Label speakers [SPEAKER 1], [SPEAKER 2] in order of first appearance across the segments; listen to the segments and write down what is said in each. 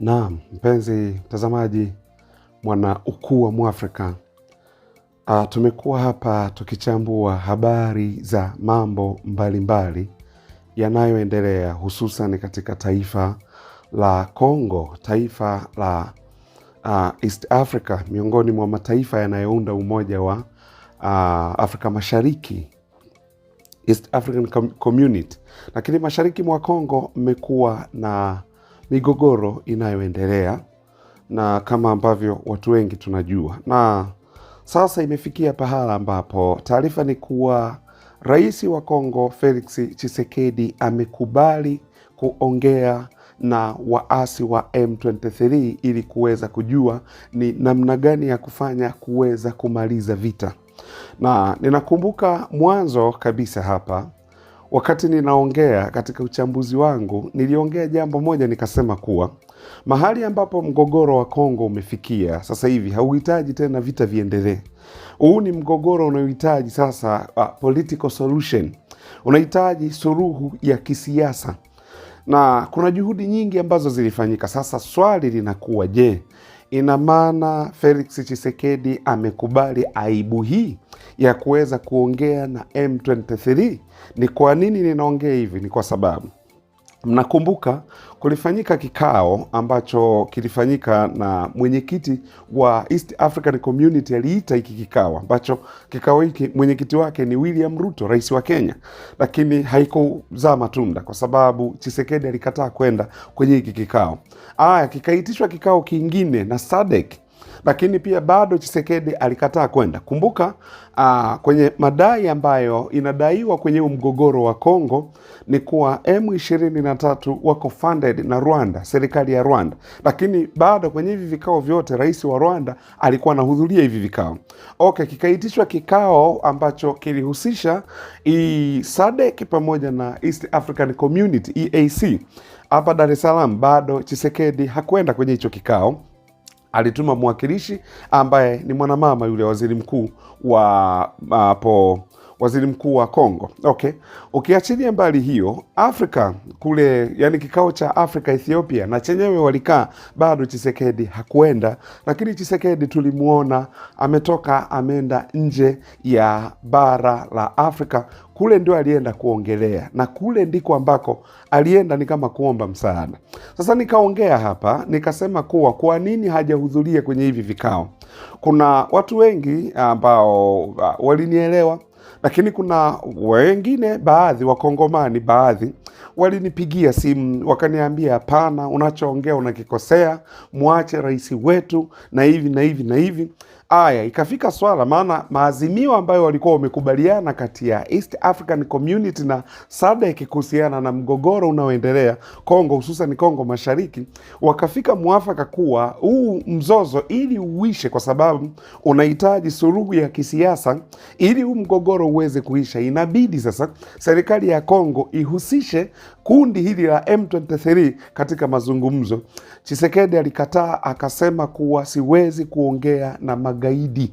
[SPEAKER 1] Naam, mpenzi mtazamaji, mwana ukuu wa Mwafrika, ah, tumekuwa hapa tukichambua habari za mambo mbalimbali yanayoendelea hususan katika taifa la Congo, taifa la uh, East Africa, miongoni mwa mataifa yanayounda umoja wa uh, Afrika Mashariki, East African Community. Lakini mashariki mwa Congo mmekuwa na migogoro inayoendelea na kama ambavyo watu wengi tunajua, na sasa imefikia pahala ambapo taarifa ni kuwa Rais wa Kongo Felix chisekedi amekubali kuongea na waasi wa M23 ili kuweza kujua ni namna gani ya kufanya kuweza kumaliza vita. Na ninakumbuka mwanzo kabisa hapa Wakati ninaongea katika uchambuzi wangu, niliongea jambo moja nikasema kuwa mahali ambapo mgogoro wa Kongo umefikia sasa hivi hauhitaji tena vita viendelee. Huu ni mgogoro unaohitaji sasa uh, political solution, unahitaji suluhu ya kisiasa na kuna juhudi nyingi ambazo zilifanyika. Sasa swali linakuwa je, Ina maana Felix Chisekedi amekubali aibu hii ya kuweza kuongea na M23. Ni kwa nini ninaongea hivi? Ni kwa sababu Mnakumbuka kulifanyika kikao ambacho kilifanyika na mwenyekiti wa East African Community aliita hiki kikao, ambacho kikao hiki mwenyekiti wake ni William Ruto, rais wa Kenya, lakini haikuzaa matunda kwa sababu Chisekedi alikataa kwenda kwenye hiki kikao. Aya, kikaitishwa kikao kingine na SADC lakini pia bado Chisekedi alikataa kwenda. Kumbuka aa, ah, kwenye madai ambayo inadaiwa kwenye mgogoro wa Kongo ni kuwa M23 wako funded na Rwanda, serikali ya Rwanda, lakini bado kwenye hivi vikao vyote rais wa Rwanda alikuwa anahudhuria hivi vikao. Okay, kikaitishwa kikao ambacho kilihusisha SADC pamoja na East African Community EAC hapa Dar es Salaam, bado Chisekedi hakwenda kwenye hicho kikao alituma mwakilishi ambaye ni mwanamama yule waziri mkuu wa hapo waziri mkuu wa Kongo. Okay, ukiachilia mbali hiyo Afrika kule, yani kikao cha Afrika Ethiopia na chenyewe walikaa, bado Chisekedi hakuenda, lakini Chisekedi tulimuona ametoka ameenda nje ya bara la Afrika kule ndio alienda kuongelea na kule ndiko ambako alienda ni kama kuomba msaada. Sasa nikaongea hapa nikasema kuwa kwa nini hajahudhuria kwenye hivi vikao. Kuna watu wengi ambao ah, walinielewa lakini kuna wengine baadhi Wakongomani baadhi walinipigia simu wakaniambia, hapana, unachoongea unakikosea, mwache rais wetu na hivi na hivi na hivi. Aya, ikafika swala, maana maazimio ambayo walikuwa wamekubaliana kati ya East African Community na SADC kuhusiana na mgogoro unaoendelea Kongo, hususan Kongo Mashariki, wakafika mwafaka kuwa huu mzozo ili uishe, kwa sababu unahitaji suluhu ya kisiasa, ili huu mgogoro uweze kuisha, inabidi sasa serikali ya Kongo ihusishe kundi hili la M23 katika mazungumzo. Chisekedi alikataa akasema kuwa siwezi kuongea na magaidi.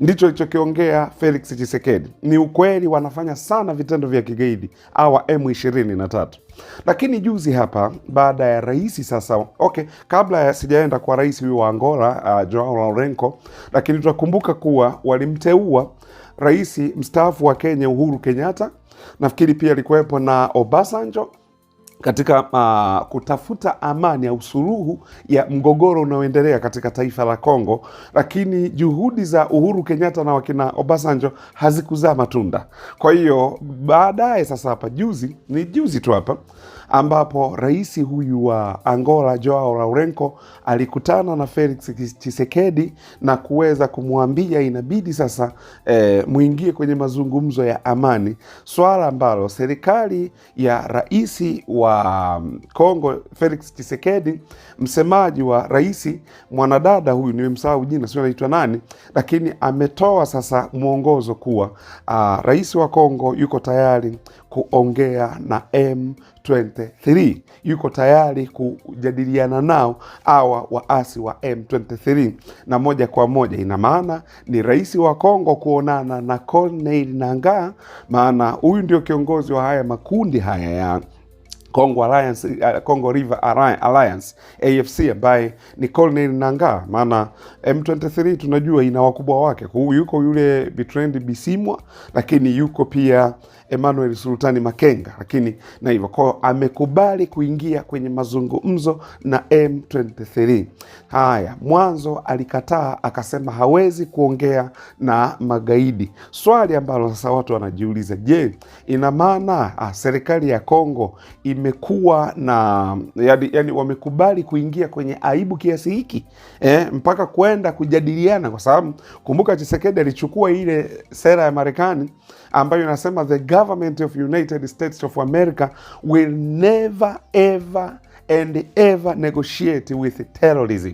[SPEAKER 1] Ndicho alichokiongea Felix Tshisekedi. Ni ukweli wanafanya sana vitendo vya kigaidi awa M23, lakini juzi hapa baada ya rais sasa, okay, kabla ya sijaenda kwa rais huyu wa Angola uh, Joao Lourenco, lakini tutakumbuka kuwa walimteua rais mstaafu wa Kenya Uhuru Kenyatta, nafikiri pia alikuwepo na Obasanjo katika uh, kutafuta amani au suluhu ya mgogoro unaoendelea katika taifa la Kongo, lakini juhudi za Uhuru Kenyatta na wakina Obasanjo hazikuzaa matunda. Kwa hiyo baadaye sasa, hapa juzi, ni juzi tu hapa ambapo rais huyu wa Angola Joao Lourenco alikutana na Felix Tshisekedi na kuweza kumwambia inabidi sasa e, eh, muingie kwenye mazungumzo ya amani, swala ambalo serikali ya rais wa mm, Kongo Felix Tshisekedi, msemaji wa rais mwanadada huyu nimemsahau jina, sio anaitwa nani, lakini ametoa sasa mwongozo kuwa ah, rais wa Kongo yuko tayari kuongea na M23, yuko tayari kujadiliana nao hawa waasi wa M23, na moja kwa moja ina maana ni rais wa Kongo kuonana na Corneille Nangaa, maana huyu ndio kiongozi wa haya makundi haya ya Congo Alliance, uh, Congo River Alliance AFC ambaye ni Colonel Nangaa, maana M23 tunajua ina wakubwa wake. yuko yule Bertrand Bisimwa, lakini yuko pia Emmanuel Sultani Makenga, lakini na hivyo kwa amekubali kuingia kwenye mazungumzo na M23. Haya, mwanzo alikataa akasema hawezi kuongea na magaidi. Swali ambalo sasa watu wanajiuliza, je, ina maana ah, serikali ya Kongo ime imekuwa na yani, yani wamekubali kuingia kwenye aibu kiasi hiki eh, mpaka kwenda kujadiliana, kwa sababu kumbuka Chisekedi alichukua ile sera ya Marekani ambayo inasema the government of United States of America will never ever and ever negotiate with terrorism.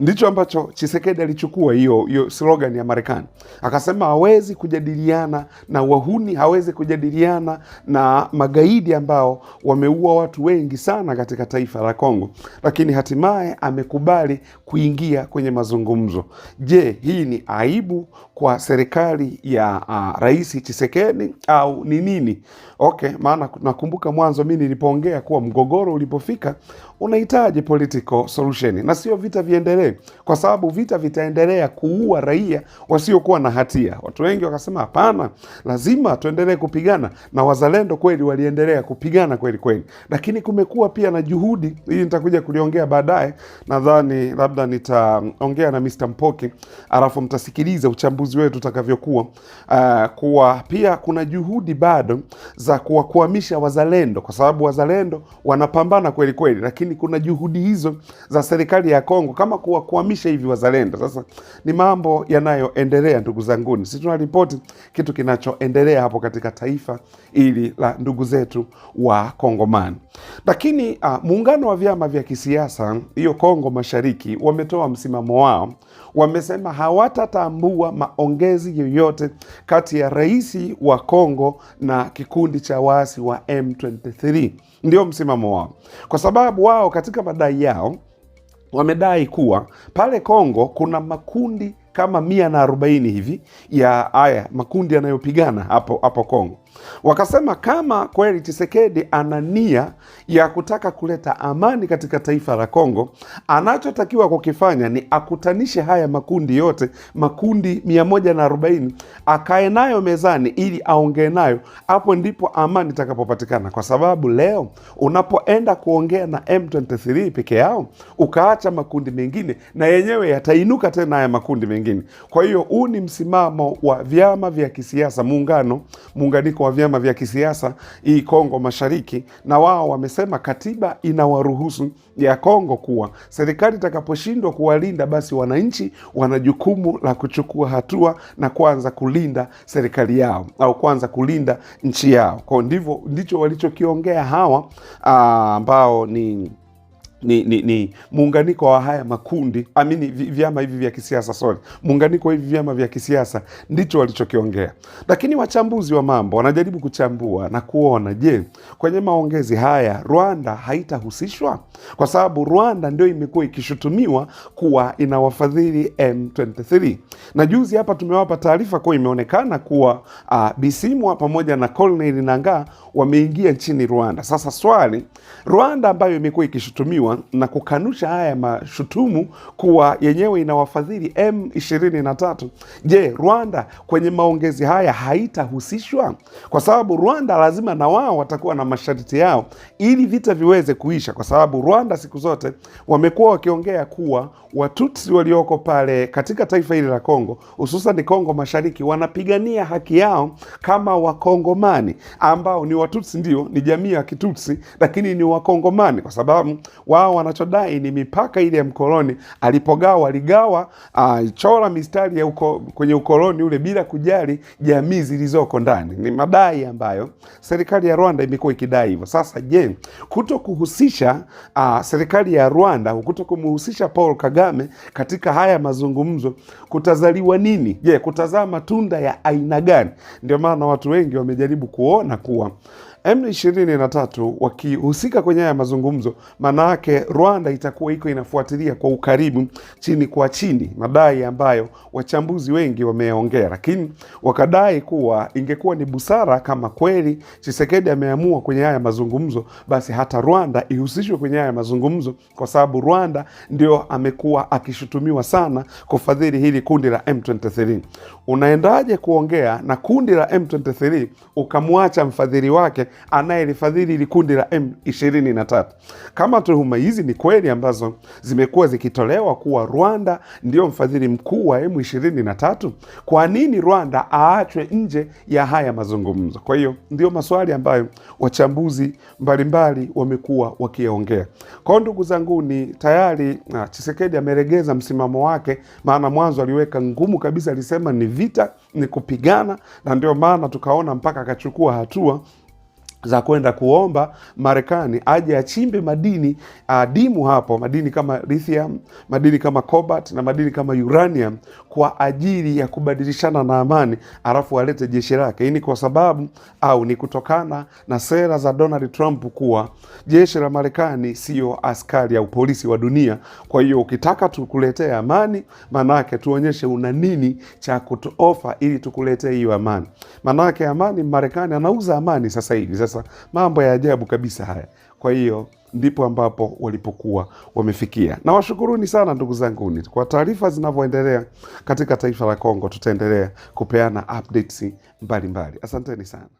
[SPEAKER 1] Ndicho ambacho Chisekedi alichukua hiyo hiyo slogan ya Marekani, akasema hawezi kujadiliana na wahuni, hawezi kujadiliana na magaidi ambao wameua watu wengi sana katika taifa la Kongo, lakini hatimaye amekubali kuingia kwenye mazungumzo. Je, hii ni aibu kwa serikali ya uh, Rais Chisekedi au ni nini? Okay, maana nakumbuka mwanzo mi nilipoongea kuwa mgogoro ulipofika unahitaji political solution na sio vita viendelee. Israeli, kwa sababu vita vitaendelea kuua raia wasiokuwa na hatia. Watu wengi wakasema hapana, lazima tuendelee kupigana, na wazalendo kweli waliendelea kupigana kweli kweli, lakini kumekuwa pia na juhudi hii, nitakuja kuliongea baadaye. Nadhani labda nitaongea na Mr. Mpoki alafu mtasikiliza uchambuzi wetu utakavyokuwa. Uh, kuwa pia kuna juhudi bado za kuwakwamisha wazalendo, kwa sababu wazalendo wanapambana kweli kweli, lakini kuna juhudi hizo za serikali ya Kongo kama kuwa kuwahamisha hivi wazalendo. Sasa ni mambo yanayoendelea ndugu zanguni, sisi tunaripoti kitu kinachoendelea hapo katika taifa ili la ndugu zetu wa Kongomani. Lakini uh, muungano wa vyama vya kisiasa hiyo Kongo Mashariki wametoa msimamo wao, wamesema hawatatambua maongezi yoyote kati ya rais wa Kongo na kikundi cha waasi wa M23. Ndio msimamo wao, kwa sababu wao katika madai yao wamedai kuwa pale Kongo kuna makundi kama mia na arobaini hivi ya haya makundi yanayopigana hapo hapo Kongo, Wakasema kama kweli chisekedi ana nia ya kutaka kuleta amani katika taifa la Kongo, anachotakiwa kukifanya ni akutanishe haya makundi yote, makundi 140 akae nayo mezani ili aongee nayo. Hapo ndipo amani itakapopatikana, kwa sababu leo unapoenda kuongea na M23 peke yao ukaacha makundi mengine, na yenyewe yatainuka tena haya makundi mengine. Kwa hiyo huu ni msimamo wa vyama vya kisiasa, muungano, muunganiko wa vyama vya kisiasa hii Kongo Mashariki, na wao wamesema katiba inawaruhusu ya Kongo kuwa serikali itakaposhindwa kuwalinda, basi wananchi wana jukumu la kuchukua hatua na kuanza kulinda serikali yao au kuanza kulinda nchi yao. Kwao ndivyo ndicho walichokiongea hawa ah, ambao ni ni, ni, ni muunganiko wa haya makundi amini vyama hivi vya kisiasa sorry, muunganiko hivi vyama vya kisiasa ndicho walichokiongea. Lakini wachambuzi wa mambo wanajaribu kuchambua na kuona, je, kwenye maongezi haya Rwanda haitahusishwa? Kwa sababu Rwanda ndio imekuwa ikishutumiwa kuwa inawafadhili M23, na juzi hapa tumewapa taarifa kuwa imeonekana kuwa uh, Bisimwa pamoja na Colonel Nangaa wameingia nchini Rwanda. Sasa swali, Rwanda ambayo imekuwa ikishutumiwa kutuhumiwa na kukanusha haya mashutumu kuwa yenyewe inawafadhili M23. Je, Rwanda kwenye maongezi haya haitahusishwa? Kwa sababu Rwanda lazima na wao watakuwa na masharti yao ili vita viweze kuisha, kwa sababu Rwanda siku zote wamekuwa wakiongea kuwa Watutsi walioko pale katika taifa hili la Kongo, hususan Kongo Mashariki, wanapigania haki yao kama Wakongomani ambao ni Watutsi, ndio ni jamii ya Kitutsi, lakini ni Wakongomani kwa sababu wa wao wanachodai ni mipaka ile ya mkoloni alipogawa, waligawa uh, ah, chora mistari ya uko, kwenye ukoloni ule bila kujali jamii zilizoko ndani. Ni madai ambayo serikali ya Rwanda imekuwa ikidai hivyo. Sasa je, kuto kuhusisha uh, ah, serikali ya Rwanda kuto kumhusisha Paul Kagame katika haya mazungumzo kutazaliwa nini? Je, kutazaa matunda ya aina gani? Ndio maana watu wengi wamejaribu kuona kuwa M23 wakihusika kwenye haya mazungumzo, yake Rwanda itakuwa iko inafuatilia kwa ukaribu, chini kwa chini, madai ambayo wachambuzi wengi wameongea lakini wakadai kuwa ingekuwa ni busara kama kweli Chisekedi ameamua kwenye haya mazungumzo, basi hata Rwanda ihusishwe kwenye haya mazungumzo, kwa sababu Rwanda ndio amekuwa akishutumiwa sana kufadhili hili kundi la M23. Unaendaje kuongea na kundi la M23 ukamwacha mfadhili wake anayelifadhili likundi la M23. Kama tuhuma hizi ni kweli ambazo zimekuwa zikitolewa kuwa Rwanda ndiyo mfadhili mkuu wa M23, kwa nini Rwanda aachwe nje ya haya mazungumzo? Kwa hiyo ndiyo maswali ambayo wachambuzi mbalimbali wamekuwa wakiongea. Kwa hiyo ndugu zangu, ni tayari Chisekedi ah, ameregeza msimamo wake, maana mwanzo aliweka ngumu kabisa, alisema ni vita, ni kupigana, na ndio maana tukaona mpaka akachukua hatua za kwenda kuomba Marekani aje achimbe madini ah, adimu hapo, madini kama lithium, madini kama cobalt na madini kama uranium kwa ajili ya kubadilishana na amani, alafu alete jeshi lake. Hii ni kwa sababu au ni kutokana na sera za Donald Trump kuwa jeshi la Marekani siyo askari au polisi wa dunia. Kwa hiyo ukitaka tukuletee amani, maanake tuonyeshe una nini cha kutuofa ili tukuletee hiyo amani, maanake amani Marekani anauza amani sasa hivi sasa mambo ya ajabu kabisa haya. Kwa hiyo ndipo ambapo walipokuwa wamefikia, na washukuruni sana ndugu zangu kwa taarifa zinavyoendelea katika taifa la Kongo. Tutaendelea kupeana updates mbalimbali. Asanteni sana.